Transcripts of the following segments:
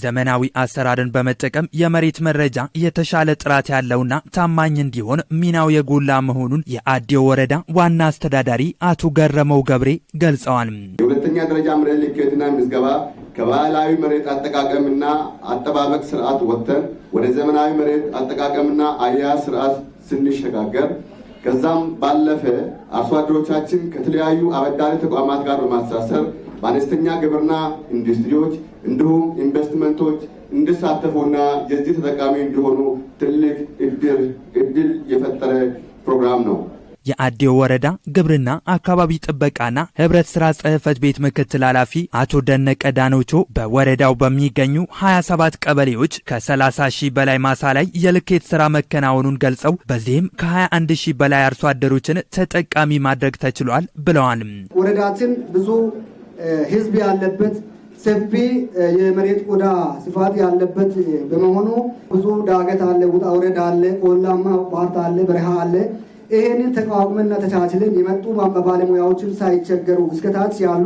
ዘመናዊ አሰራርን በመጠቀም የመሬት መረጃ የተሻለ ጥራት ያለውና ታማኝ እንዲሆን ሚናው የጎላ መሆኑን የአዴው ወረዳ ዋና አስተዳዳሪ አቶ ገረመው ገብሬ ገልጸዋል። የሁለተኛ ደረጃ መሬት ልኬትና ምዝገባ ከባህላዊ መሬት አጠቃቀምና አጠባበቅ ስርዓት ወጥተን ወደ ዘመናዊ መሬት አጠቃቀምና አያያዝ ስርዓት ስንሸጋገር ከዛም ባለፈ አርሶ አደሮቻችን ከተለያዩ አበዳሪ ተቋማት ጋር በማሳሰር በአነስተኛ ግብርና ኢንዱስትሪዎች እንዲሁም ኢንቨስትመንቶች እንዲሳተፉና የዚህ ተጠቃሚ እንዲሆኑ ትልቅ እድል የፈጠረ ፕሮግራም ነው። የአዴው ወረዳ ግብርና አካባቢ ጥበቃና ህብረት ስራ ጽህፈት ቤት ምክትል ኃላፊ አቶ ደነቀ ዳኖቾ በወረዳው በሚገኙ 27 ቀበሌዎች ከ30 ሺህ በላይ ማሳ ላይ የልኬት ስራ መከናወኑን ገልጸው በዚህም ከ21 ሺህ በላይ አርሶ አደሮችን ተጠቃሚ ማድረግ ተችሏል ብለዋል። ወረዳችን ብዙ ህዝብ ያለበት ሰፊ የመሬት ቆዳ ስፋት ያለበት በመሆኑ ብዙ ዳገት አለ፣ ውጣ ውረድ አለ፣ ቆላማ ባህርት አለ፣ በረሃ አለ። ይህንን ተቋቁመና ተቻችለን የመጡ ባለሙያዎችን ሳይቸገሩ እስከታች ያሉ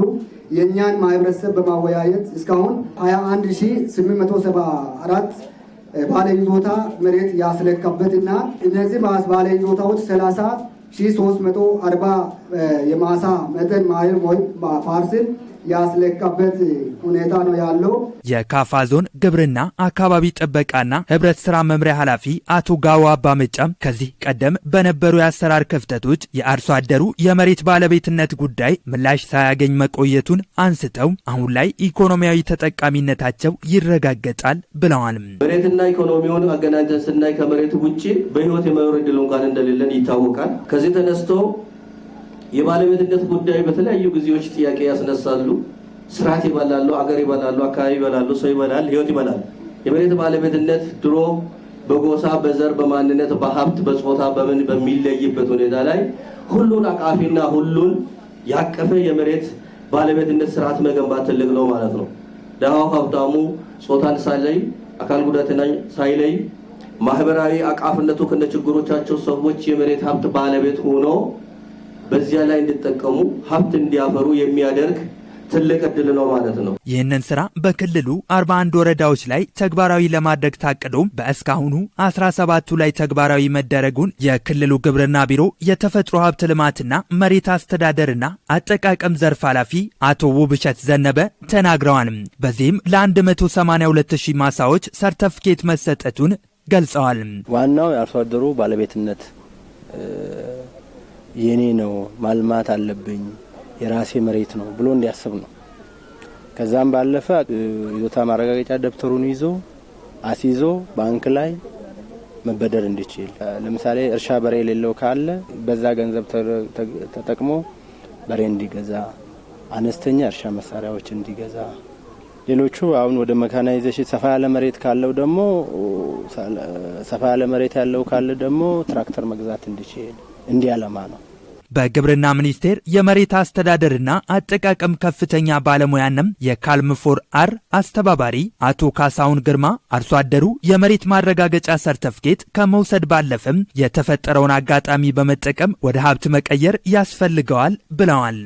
የእኛን ማህበረሰብ በማወያየት እስካሁን 21874 ባለይዞታ መሬት ያስለካበትና እነዚህ ባለይዞታዎች 30 शी में तो अरबा यमासा मैं तो मायर मोहित फारसिन ያስለካበት ሁኔታ ነው ያለው። የካፋ ዞን ግብርና አካባቢ ጥበቃና ህብረት ስራ መምሪያ ኃላፊ አቶ ጋዋ አባመጫም ከዚህ ቀደም በነበሩ የአሰራር ክፍተቶች የአርሶ አደሩ የመሬት ባለቤትነት ጉዳይ ምላሽ ሳያገኝ መቆየቱን አንስተው አሁን ላይ ኢኮኖሚያዊ ተጠቃሚነታቸው ይረጋገጣል ብለዋል። መሬትና ኢኮኖሚውን አገናኝተን ስናይ ከመሬቱ ውጭ በህይወት የመኖር ዕድል እንኳን እንደሌለን ይታወቃል። ከዚህ ተነስቶ የባለቤትነት ጉዳይ በተለያዩ ጊዜዎች ጥያቄ ያስነሳሉ። ስርዓት ይበላሉ፣ አገር ይበላሉ፣ አካባቢ ይበላሉ፣ ሰው ይበላል፣ ህይወት ይበላል። የመሬት ባለቤትነት ድሮ በጎሳ በዘር በማንነት በሀብት በጾታ በምን በሚለይበት ሁኔታ ላይ ሁሉን አቃፊና ሁሉን ያቀፈ የመሬት ባለቤትነት ስርዓት መገንባት ትልቅ ነው ማለት ነው። ደሃው ሀብታሙ ጾታን ሳይለይ አካል ጉዳትና ሳይለይ ማህበራዊ አቃፍነቱ ከነችግሮቻቸው ሰዎች የመሬት ሀብት ባለቤት ሆኖ በዚያ ላይ እንዲጠቀሙ ሀብት እንዲያፈሩ የሚያደርግ ትልቅ እድል ነው ማለት ነው። ይህንን ስራ በክልሉ 41 ወረዳዎች ላይ ተግባራዊ ለማድረግ ታቅዶ በእስካሁኑ 17ቱ ላይ ተግባራዊ መደረጉን የክልሉ ግብርና ቢሮ የተፈጥሮ ሀብት ልማትና መሬት አስተዳደርና አጠቃቀም ዘርፍ ኃላፊ አቶ ውብሸት ዘነበ ተናግረዋል። በዚህም ለ182000 ማሳዎች ሰርተፍኬት መሰጠቱን ገልጸዋል። ዋናው የአርሶ አደሩ ባለቤትነት የኔ ነው ማልማት አለብኝ የራሴ መሬት ነው ብሎ እንዲያስብ ነው። ከዛም ባለፈ ይዞታ ማረጋገጫ ደብተሩን ይዞ አስይዞ ባንክ ላይ መበደር እንዲችል፣ ለምሳሌ እርሻ በሬ የሌለው ካለ በዛ ገንዘብ ተጠቅሞ በሬ እንዲገዛ፣ አነስተኛ እርሻ መሳሪያዎች እንዲገዛ፣ ሌሎቹ አሁን ወደ መካናይዜሽን ሰፋ ያለ መሬት ካለው ደግሞ ሰፋ ያለ መሬት ያለው ካለ ደግሞ ትራክተር መግዛት እንዲችል እንዲያለማ ነው። በግብርና ሚኒስቴር የመሬት አስተዳደርና አጠቃቀም ከፍተኛ ባለሙያንም የካልምፎር አር አስተባባሪ አቶ ካሳሁን ግርማ አርሶ አደሩ የመሬት ማረጋገጫ ሰርተፍኬት ከመውሰድ ባለፈም የተፈጠረውን አጋጣሚ በመጠቀም ወደ ሀብት መቀየር ያስፈልገዋል ብለዋል።